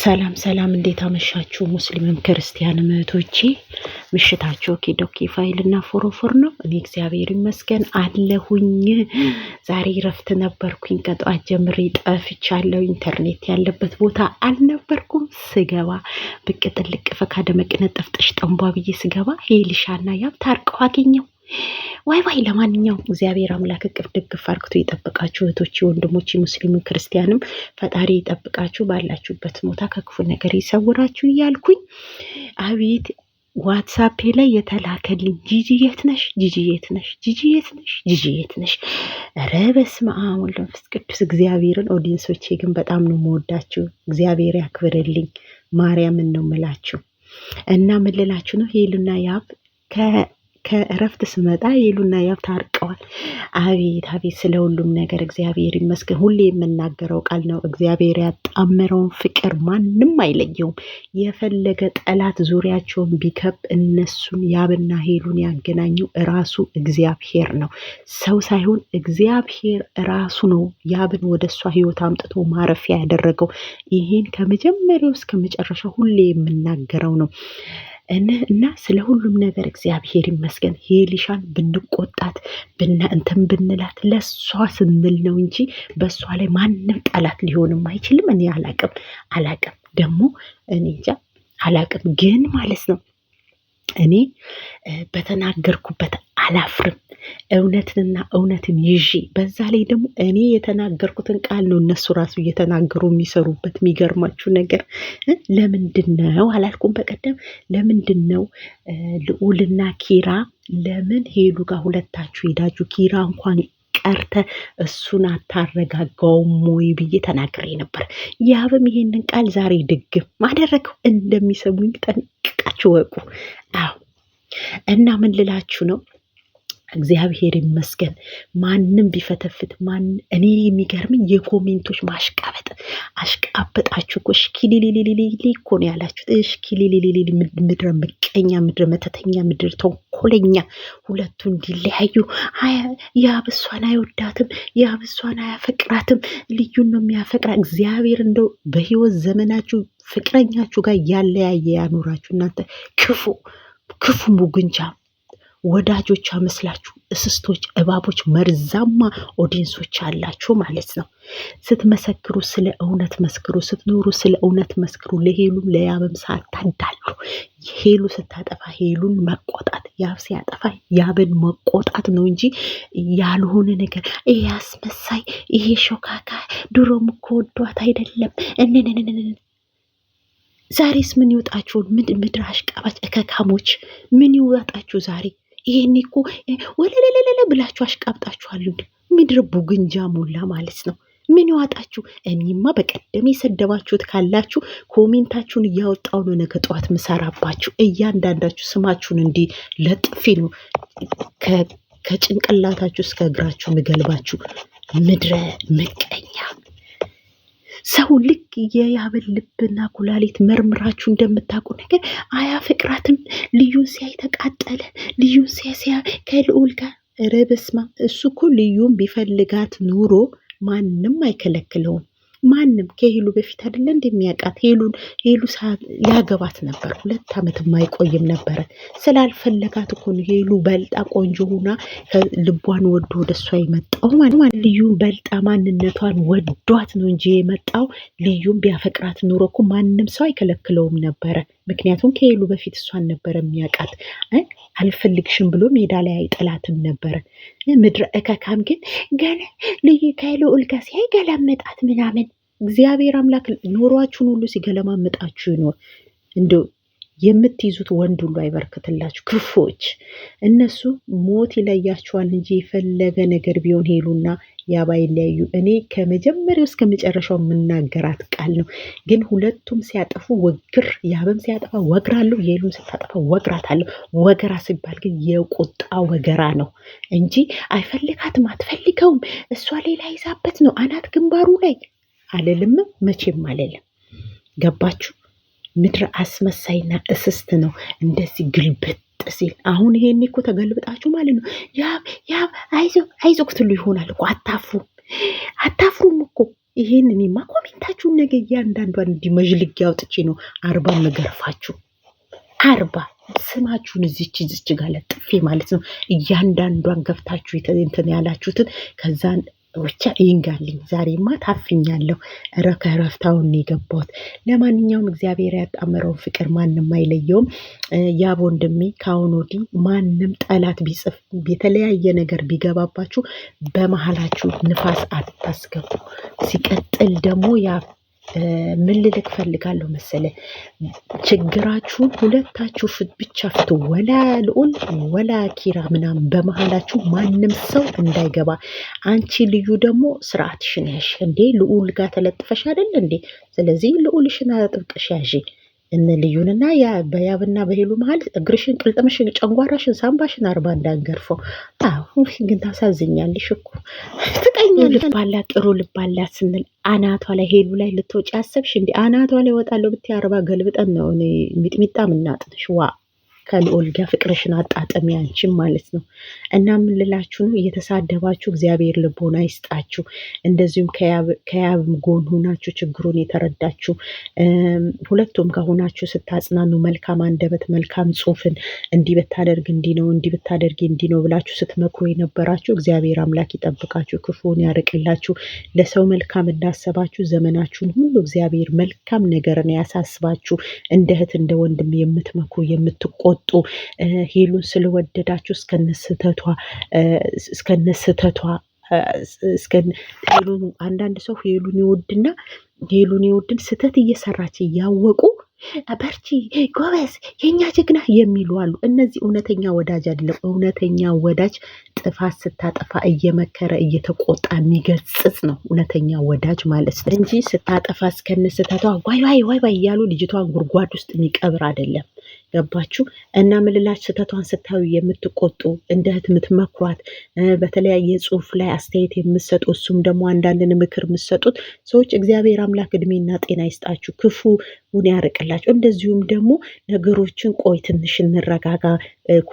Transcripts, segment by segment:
ሰላም ሰላም፣ እንዴት አመሻችሁ? ሙስሊምም ክርስቲያንም እህቶቼ ምሽታችሁ ኪዶኪ ፋይል እና ፎሮፎር ነው። እኔ እግዚአብሔር ይመስገን አለሁኝ። ዛሬ ረፍት ነበርኩኝ። ከጠዋት ጀምሬ ጠፍቻለሁ። ኢንተርኔት ያለበት ቦታ አልነበርኩም። ስገባ ብቅ ጥልቅ ፈካ ደመቅነ ጠፍጥሽ ጠንቧ ብዬ ስገባ ሄልሻና ያብ ታርቀው አገኘው ዋይ ዋይ! ለማንኛውም እግዚአብሔር አምላክ እቅፍ ድግፍ አርግቶ ይጠብቃችሁ። እህቶች ወንድሞች፣ ሙስሊም ክርስቲያንም ፈጣሪ ይጠብቃችሁ፣ ባላችሁበት ቦታ ከክፉ ነገር ይሰውራችሁ እያልኩኝ አቤት ዋትሳፔ ላይ የተላከልኝ ጂጂ የት ነሽ? ጂጂ የት ነሽ? ጂጂ የት ነሽ? ጂጂ የት ነሽ? ኧረ በስመ አብ ወወልድ ወመንፈስ ቅዱስ እግዚአብሔርን። ኦዲየንሶቼ ግን በጣም ነው የምወዳችሁ። እግዚአብሔር ያክብርልኝ። ማርያምን ነው የምላችሁ እና የምልላችሁ ነው ሄሉና ያብ ከእረፍት ስመጣ ሄሉና ያብ ታርቀዋል። አቤት አቤት፣ ስለ ሁሉም ነገር እግዚአብሔር ይመስገን። ሁሌ የምናገረው ቃል ነው። እግዚአብሔር ያጣመረውን ፍቅር ማንም አይለየውም። የፈለገ ጠላት ዙሪያቸውን ቢከብ እነሱን ያብና ሄሉን ያገናኘው ራሱ እግዚአብሔር ነው። ሰው ሳይሆን እግዚአብሔር ራሱ ነው ያብን ወደ እሷ ህይወት አምጥቶ ማረፊያ ያደረገው። ይህን ከመጀመሪያው እስከ መጨረሻ ሁሌ የምናገረው ነው። እና ስለ ሁሉም ነገር እግዚአብሔር ይመስገን። ሄሊሻን ብንቆጣት እንትን ብንላት ለእሷ ስንል ነው እንጂ በእሷ ላይ ማንም ጠላት ሊሆንም አይችልም። እኔ አላቅም አላቅም ደግሞ እኔ እንጃ አላቅም ግን ማለት ነው እኔ በተናገርኩበት አላፍርም። እውነትንና እውነትን ይዤ በዛ ላይ ደግሞ እኔ የተናገርኩትን ቃል ነው እነሱ ራሱ እየተናገሩ የሚሰሩበት። የሚገርማችሁ ነገር ለምንድን ነው አላልኩም? በቀደም ለምንድን ነው ልዑልና ኪራ ለምን ሄዱ ጋር ሁለታችሁ ሄዳችሁ ኪራ እንኳን ቀርተ እሱን አታረጋጋውም ወይ ብዬ ተናግሬ ነበር። ያብም ይሄንን ቃል ዛሬ ድግም ማደረገው እንደሚሰሙኝ ጠንቅቃችሁ ወቁ። አዎ እና ምን ልላችሁ ነው እግዚአብሔር ይመስገን። ማንም ቢፈተፍት ማን እኔ የሚገርምኝ የኮሜንቶች ማሽቃበጥ አሽቃበጣችሁ እኮ እሽኪሊሊሊሊ እኮ ነው ያላችሁት። እሽኪሊሊሊሊ ምድረ ምቀኛ፣ ምድረ መተተኛ፣ ምድር ተንኮለኛ ሁለቱ እንዲለያዩ ያብሷን አይወዳትም፣ ያብሷን አያፈቅራትም። ልዩን ነው የሚያፈቅራ እግዚአብሔር እንደው በህይወት ዘመናችሁ ፍቅረኛችሁ ጋር ያለያየ ያኖራችሁ እናንተ ክፉ ክፉ ሙግንቻ ወዳጆች አመስላችሁ እስስቶች፣ እባቦች፣ መርዛማ ኦዲንሶች አላችሁ ማለት ነው። ስትመሰክሩ ስለ እውነት መስክሩ፣ ስትኖሩ ስለ እውነት መስክሩ። ለሄሉም ለያብም ሳታዳሉ ሄሉ ስታጠፋ ሄሉን መቆጣት፣ ያብ ሲያጠፋ ያብን መቆጣት ነው እንጂ ያልሆነ ነገር ይሄ አስመሳይ፣ ይሄ ሾካካ፣ ድሮም እኮ ወዷት አይደለም እንንንንን ዛሬስ ምን ይወጣችሁን? ምድር አሽቃባጭ እከካሞች ምን ይወጣችሁ ዛሬ? ይሄኔ እኮ ወለለለለ ብላችሁ አሽቃብጣችኋል። ምድር ቡግንጃ ሞላ ማለት ነው። ምን ይዋጣችሁ? እኔማ በቀደም የሰደባችሁት ካላችሁ ኮሜንታችሁን እያወጣው ነው ነገ ጠዋት ምሰራባችሁ። እያንዳንዳችሁ ስማችሁን እንዲህ ለጥፊ ነው ከጭንቅላታችሁ እስከ እግራችሁ ምገልባችሁ። ምድረ ምቀኛ ሰው ልክ የያብን ልብና ኩላሊት መርምራችሁ እንደምታውቁ ነገር አያፈቅራትም። ልዩን ሲያይ ተቃጠለ። ልዩን ሲያይ ሲያ ከልዑል ጋር ረበስማ እሱ እኮ ልዩን ቢፈልጋት ኑሮ ማንም አይከለክለውም። ማንም ከሄሉ በፊት አይደለ እንደሚያውቃት ሄሉን ሄሉ ሊያገባት ነበር። ሁለት ዓመት የማይቆይም ነበረ። ስላልፈለጋት እኮ ነው ሄሉ በልጣ ቆንጆ ሆና ልቧን ወዶ ወደሷ የመጣው ማለት ልዩን በልጣ ማንነቷን ወዷት ነው እንጂ የመጣው ልዩም ቢያፈቅራት ኑሮ እኮ ማንም ሰው አይከለክለውም ነበረ። ምክንያቱም ከሄሉ በፊት እሷን ነበረ የሚያውቃት። አልፈልግሽም ብሎ ሜዳ ላይ አይጥላትም ነበረ። ምድረ እከካም ግን ገለ ልዩ ከልዑል ጋር ሲያይ ገላመጣት ምናምን እግዚአብሔር አምላክ ኖሯችሁን ሁሉ ሲገለማምጣችሁ ይኖር። እንደው የምትይዙት ወንድ ሁሉ አይበርክትላችሁ። ክፎች እነሱ ሞት ይለያችኋል እንጂ የፈለገ ነገር ቢሆን ሄሉና ያባ ይለያዩ። እኔ ከመጀመሪያው እስከ መጨረሻው የምናገራት ቃል ነው። ግን ሁለቱም ሲያጠፉ ወግር፣ ያበም ሲያጠፋ ወግራለሁ፣ ሄሉም ስታጠፋ ወግራታለሁ። ወገራ ሲባል ግን የቁጣ ወገራ ነው እንጂ አይፈልጋትም፣ አትፈልገውም። እሷ ሌላ ይዛበት ነው አናት ግንባሩ ላይ አልልም፣ መቼም አልልም። ገባችሁ? ምድረ አስመሳይና እስስት ነው እንደዚህ ግልብጥ ሲል። አሁን ይሄን እኮ ተገልብጣችሁ ማለት ነው ያብ ያብ አይዞ አይዞ ክትሉ ይሆናል እኮ አታፍሩም፣ አታፍሩም እኮ ይሄን እኔማ ኮሜንታችሁን ነገ እያንዳንዷን እንዲህ መዥልጌ አውጥቼ ነው አርባ መገርፋችሁ አርባ ስማችሁን እዚች ዝች ጋር ለጥፌ ማለት ነው። እያንዳንዷን ገብታችሁ እንትን ያላችሁትን ከዛን ብቻ ይንጋልኝ። ዛሬማ ታፍኛለሁ። እረ ከእረፍታውን የገባሁት። ለማንኛውም እግዚአብሔር ያጣመረውን ፍቅር ማንም አይለየውም። ያብ ወንድሜ ከአሁን ወዲህ ማንም ጠላት ቢጽፍ የተለያየ ነገር ቢገባባችሁ በመሀላችሁ ንፋስ አታስገቡ። ሲቀጥል ደግሞ ያ ምን ልልክ ፈልጋለሁ መሰለ፣ ችግራችሁን ሁለታችሁ ፍት ብቻ ፍቱ። ወላ ልዑል ወላ ኪራ ምናምን በመሀላችሁ ማንም ሰው እንዳይገባ። አንቺ ልዩ ደግሞ ስርዓትሽን ያሽ እንዴ ልዑል ጋር ተለጥፈሽ አይደል እንዴ? ስለዚህ ልዑልሽን አጥብቀሽ ያዥ። እነ ልዩንና በያብና በሄሉ መሀል እግርሽን፣ ቅልጥምሽን፣ ጨንጓራሽን፣ ሳምባሽን አርባ እንዳንገርፈው። አሁ ግን ታሳዝኛለሽ እኮ ሁለተኛ ልብ አላት፣ ጥሩ ልብ አላት ስንል አናቷ ላይ ሄሉ ላይ ልትወጪ አሰብሽ እንዲ አናቷ ላይ ወጣለሁ ብትይ አርባ ገልብጠን ነው ሚጥሚጣ ምናጥንሽ ዋ ከልዑል ጋር ፍቅርሽን አጣጥሚ አንቺም ማለት ነው። እና ምን ልላችሁ ነው፣ እየተሳደባችሁ እግዚአብሔር ልቦና ይስጣችሁ። እንደዚሁም ከያብም ጎን ሆናችሁ ችግሩን የተረዳችሁ ሁለቱም ከሆናችሁ ስታጽናኑ መልካም አንደበት መልካም ጽሑፍን እንዲህ ብታደርግ እንዲህ ነው፣ እንዲህ ብታደርግ እንዲህ ነው ብላችሁ ስትመክሩ የነበራችሁ እግዚአብሔር አምላክ ይጠብቃችሁ፣ ክፉን ያርቅላችሁ። ለሰው መልካም እንዳሰባችሁ ዘመናችሁን ሁሉ እግዚአብሔር መልካም ነገርን ያሳስባችሁ። እንደ እህት እንደ ወንድም የምትመክሩ የምትቆ ቆጡ። ሄሉን ስለወደዳችሁ እስከነስተቷ እስከነስተቷ ሄሉን አንዳንድ ሰው ሄሉን ይወድና ሄሉን ይወድን ስተት እየሰራች እያወቁ በርቺ ጎበዝ፣ የኛ ጀግና የሚሉ አሉ። እነዚህ እውነተኛ ወዳጅ አይደለም። እውነተኛ ወዳጅ ጥፋት ስታጠፋ እየመከረ እየተቆጣ የሚገጽጽ ነው እውነተኛ ወዳጅ ማለት ነው እንጂ ስታጠፋ እስከነስተቷ ዋይ ዋይ ዋይ ዋይ እያሉ ልጅቷን ጉድጓድ ውስጥ የሚቀብር አይደለም። ገባችሁ እና ምልላች ስህተቷን ስታዩ የምትቆጡ እንደ እህት የምትመክሯት በተለያየ ጽሁፍ ላይ አስተያየት የምሰጡ እሱም ደግሞ አንዳንድን ምክር የምትሰጡት ሰዎች እግዚአብሔር አምላክ እድሜና ጤና ይስጣችሁ፣ ክፉን ያርቅላችሁ። እንደዚሁም ደግሞ ነገሮችን ቆይ ትንሽ እንረጋጋ፣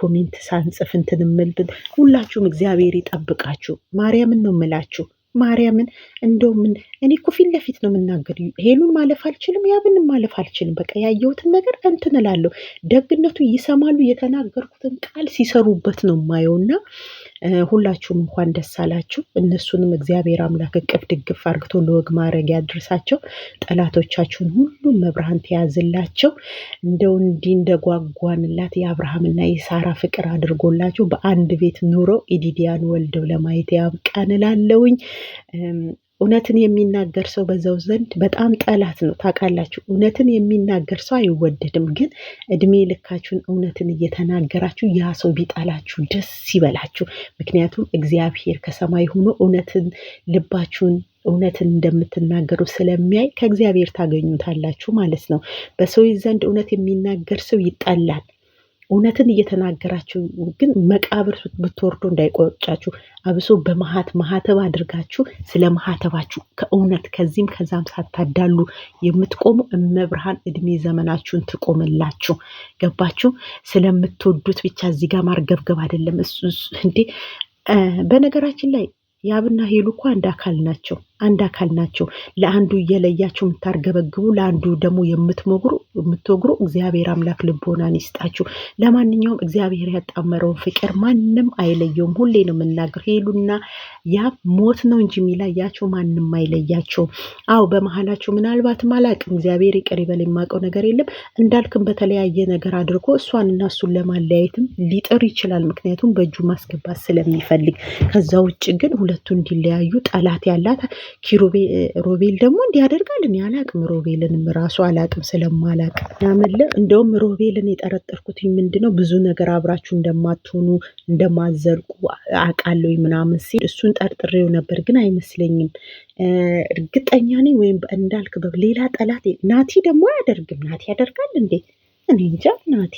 ኮሜንት ሳንጽፍ እንትን ሁላችሁም እግዚአብሔር ይጠብቃችሁ። ማርያምን ነው ማርያምን እንደውም እኔ እኮ ፊት ለፊት ነው የምናገር። ሄሉን ማለፍ አልችልም፣ ያብንም ማለፍ አልችልም። በቃ ያየሁትን ነገር እንትን እላለሁ። ደግነቱ ይሰማሉ። የተናገርኩትን ቃል ሲሰሩበት ነው የማየውና ሁላችሁም እንኳን ደስ አላችሁ። እነሱንም እግዚአብሔር አምላክ እቅፍ ድግፍ አርግቶ ለወግ ማድረግ ያድርሳቸው። ጠላቶቻችሁን ሁሉም መብርሃን ተያዝላቸው። እንደው እንዲህ እንደጓጓንላት የአብርሃምና የሳራ ፍቅር አድርጎላችሁ በአንድ ቤት ኑረው ኢዲዲያን ወልደው ለማየት ያብቃን እላለሁኝ። እውነትን የሚናገር ሰው በዛው ዘንድ በጣም ጠላት ነው። ታውቃላችሁ፣ እውነትን የሚናገር ሰው አይወደድም። ግን እድሜ ልካችሁን እውነትን እየተናገራችሁ ያ ሰው ቢጠላችሁ ደስ ይበላችሁ። ምክንያቱም እግዚአብሔር ከሰማይ ሆኖ እውነትን ልባችሁን እውነትን እንደምትናገሩ ስለሚያይ ከእግዚአብሔር ታገኙታላችሁ ማለት ነው። በሰው ዘንድ እውነት የሚናገር ሰው ይጠላል። እውነትን እየተናገራችሁ ግን መቃብር ብትወርዱ እንዳይቆጫችሁ፣ አብሶ በመሀት ማህተብ አድርጋችሁ ስለ ማህተባችሁ ከእውነት ከዚህም ከዛም ሳታዳሉ የምትቆሙ እመብርሃን እድሜ ዘመናችሁን ትቆምላችሁ። ገባችሁ? ስለምትወዱት ብቻ እዚህ ጋር ማርገብገብ አይደለም እንዴ። በነገራችን ላይ ያብና ሄሉ እኮ አንድ አካል ናቸው። አንድ አካል ናቸው። ለአንዱ እየለያችሁ የምታርገበግቡ፣ ለአንዱ ደግሞ የምትሞግሩ የምትወግሩ እግዚአብሔር አምላክ ልቦናን ይስጣችሁ። ለማንኛውም እግዚአብሔር ያጣመረውን ፍቅር ማንም አይለየውም። ሁሌ ነው የምናገር። ሄሉና ያ ሞት ነው እንጂ የሚለያቸው ማንም አይለያቸው። አዎ በመሀላቸው ምናልባት አላቅም፣ እግዚአብሔር ይቅር ይበል፣ የማውቀው ነገር የለም። እንዳልክም በተለያየ ነገር አድርጎ እና እሱን ለማለያየትም ሊጥር ይችላል፣ ምክንያቱም በእጁ ማስገባት ስለሚፈልግ። ከዛ ውጭ ግን ሁለቱ እንዲለያዩ ጠላት ያላት ሮቤል ደግሞ እንዲህ ያደርጋል። እኔ አላቅም። ሮቤልንም ራሱ አላቅም ስለማላቅ ያመለ እንደውም ሮቤልን የጠረጠርኩት ምንድነው ብዙ ነገር አብራችሁ እንደማትሆኑ እንደማዘልቁ አቃለሁ ምናምን ሲል እሱን ጠርጥሬው ነበር፣ ግን አይመስለኝም። እርግጠኛ ነኝ ወይም እንዳልክ ሌላ ጠላት ናቲ ደግሞ አያደርግም። ናቲ ያደርጋል እንዴ? እኔ እንጃ ናቲ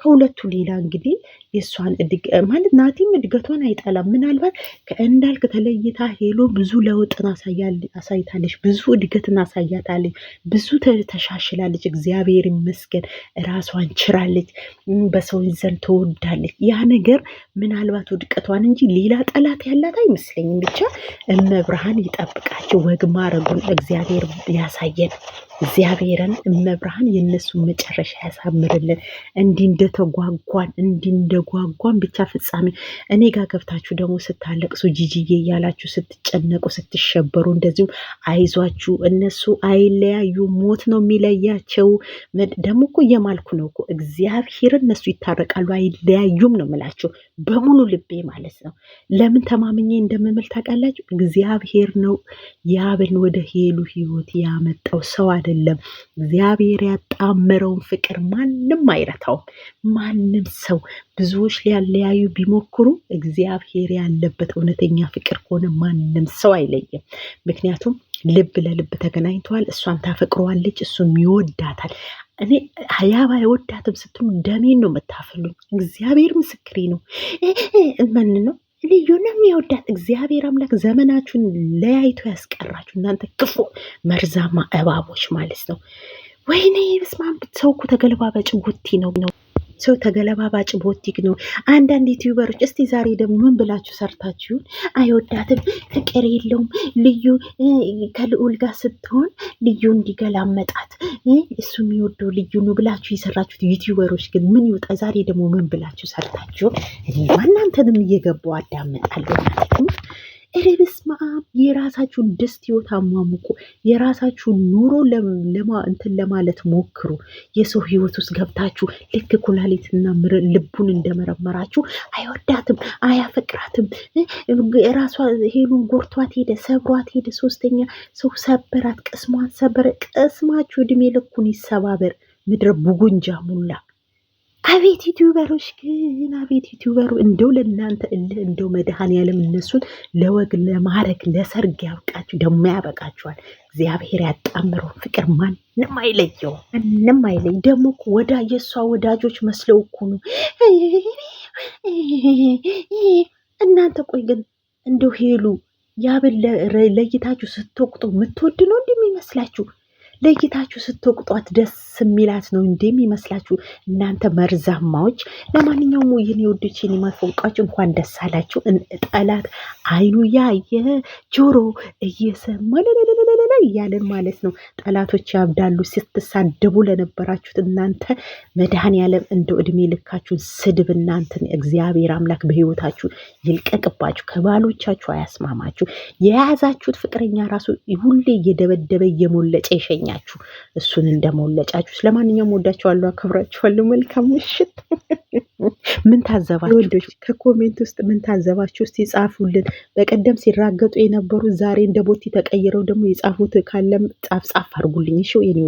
ከሁለቱ ሌላ እንግዲህ የእሷን ማለት ናቲም እድገቷን አይጠላም። ምናልባት ከእንዳልክ ተለይታ ሄሎ ብዙ ለውጥን አሳይታለች፣ ብዙ እድገትን አሳያታለች፣ ብዙ ተሻሽላለች። እግዚአብሔር ይመስገን ራሷን ችራለች፣ በሰው ዘንድ ተወዳለች። ያ ነገር ምናልባት ውድቀቷን እንጂ ሌላ ጠላት ያላት አይመስለኝም። ብቻ እመብርሃን ይጠብቃቸው፣ ወግ ማረጉን እግዚአብሔር ያሳየን። እግዚአብሔርን እመብርሃን የእነሱን መጨረሻ ያሳምርልን። እንዲህ እንደተጓጓን እንዲህ እንደ ስለጓጓን ብቻ ፍጻሜ እኔ ጋር ገብታችሁ ደግሞ ስታለቅሱ ጂጂዬ እያላችሁ ስትጨነቁ ስትሸበሩ፣ እንደዚሁም አይዟችሁ እነሱ አይለያዩ ሞት ነው የሚለያቸው። ደግሞ እኮ እየማልኩ ነው እኮ እግዚአብሔር እነሱ ይታረቃሉ አይለያዩም ነው የምላቸው በሙሉ ልቤ ማለት ነው። ለምን ተማምኜ እንደምምል ታውቃላችሁ? እግዚአብሔር ነው ያብን ወደ ሄሉ ህይወት ያመጣው ሰው አይደለም። እግዚአብሔር ያጣመረውን ፍቅር ማንም አይረታውም። ማንም ሰው ብዙ ብዙዎች ሊያለያዩ ቢሞክሩ እግዚአብሔር ያለበት እውነተኛ ፍቅር ከሆነ ማንም ሰው አይለይም። ምክንያቱም ልብ ለልብ ተገናኝተዋል። እሷም ታፈቅረዋለች፣ እሱም ይወዳታል። እኔ ያ ባይወዳትም ስትሉ ደሜን ነው የምታፈሉኝ። እግዚአብሔር ምስክሬ ነው። ምን ነው ልዩ የወዳት እግዚአብሔር አምላክ ዘመናችሁን ለያይቶ ያስቀራችሁ እናንተ ክፉ መርዛማ እባቦች ማለት ነው። ወይኔ በስመ አብ! ሰው እኮ ተገልባባጭ ጉቲ ነው ነው ሰው ተገለባባጭ ቦቲክ ነው። አንዳንድ ዩቲዩበሮች እስቲ ዛሬ ደግሞ ምን ብላችሁ ሰርታችሁን አይወዳትም፣ ፍቅር የለውም ልዩ ከልዑል ጋር ስትሆን ልዩ እንዲገላመጣት እሱ የሚወደው ልዩ ነው ብላችሁ የሰራችሁት ዩቲዩበሮች ግን ምን ይውጣ? ዛሬ ደግሞ ምን ብላችሁ ሰርታችሁ እኔ እናንተንም እየገባው አዳምጣለሁ ማለት ነው። እረ በስመ አብ! የራሳችሁን ደስት ህይወት አሟሙቁ። የራሳችሁን ኑሮ እንትን ለማለት ሞክሩ። የሰው ህይወት ውስጥ ገብታችሁ ልክ ኩላሊትና ልቡን እንደመረመራችሁ አይወዳትም፣ አያፈቅራትም፣ ራሷ ሄሉን ጎርቷት ሄደ፣ ሰብሯት ሄደ፣ ሶስተኛ ሰው ሰበራት፣ ቅስሟን ሰበረ። ቅስማችሁ እድሜ ልኩን ይሰባበር። ምድረ ቡጉንጃ ሙላ አቤት ዩቲዩበሮች ግን አቤት ዩቲዩበሩ እንደው ለእናንተ እልህ እንደው መድኃኔዓለም እነሱን ለወግ ለማዕረግ ለሰርግ ያብቃችሁ። ደግሞ ያበቃችኋል። እግዚአብሔር ያጣምረው ፍቅር ማንም አይለየው፣ ማንም አይለይ። ደግሞ ወዳ የእሷ ወዳጆች መስለው እኮ ነው እናንተ። ቆይ ግን እንደው ሄሉ ያብን ለይታችሁ ስትወቅጡ የምትወድ ነው እንደሚመስላችሁ ለይታችሁ ስትወቅጧት ደስ የሚላት ነው እንደሚመስላችሁ እናንተ መርዛማዎች። ለማንኛውም ይህን የውዶች የማፈውቃችሁ እንኳን ደስ አላችሁ። ጠላት አይኑ ያየ ጆሮ እየሰማ ለለለለለ እያለን ማለት ነው። ጠላቶች ያብዳሉ። ስትሳደቡ ለነበራችሁት እናንተ መድኃኔዓለም እንደው እድሜ ልካችሁን ስድብ እናንተን እግዚአብሔር አምላክ በህይወታችሁ ይልቀቅባችሁ፣ ከባሎቻችሁ አያስማማችሁ። የያዛችሁት ፍቅረኛ ራሱ ሁሌ እየደበደበ እየሞለጨ ይሸኛችሁ። እሱን እንደሞለጫችሁ። ለማንኛውም ወዳችኋለሁ፣ አክብራችኋለሁ። መልካም ምሽት። ምን ታዘባችሁ ወንዶች? ከኮሜንት ውስጥ ምን ታዘባችሁ? እስቲ ጻፉልን። በቀደም ሲራገጡ የነበሩ ዛሬ እንደ ቦቲ ተቀይረው ደግሞ የምትጻፉት ካለም ጻፍ ጻፍ አድርጉልኝ። እሺ የኔ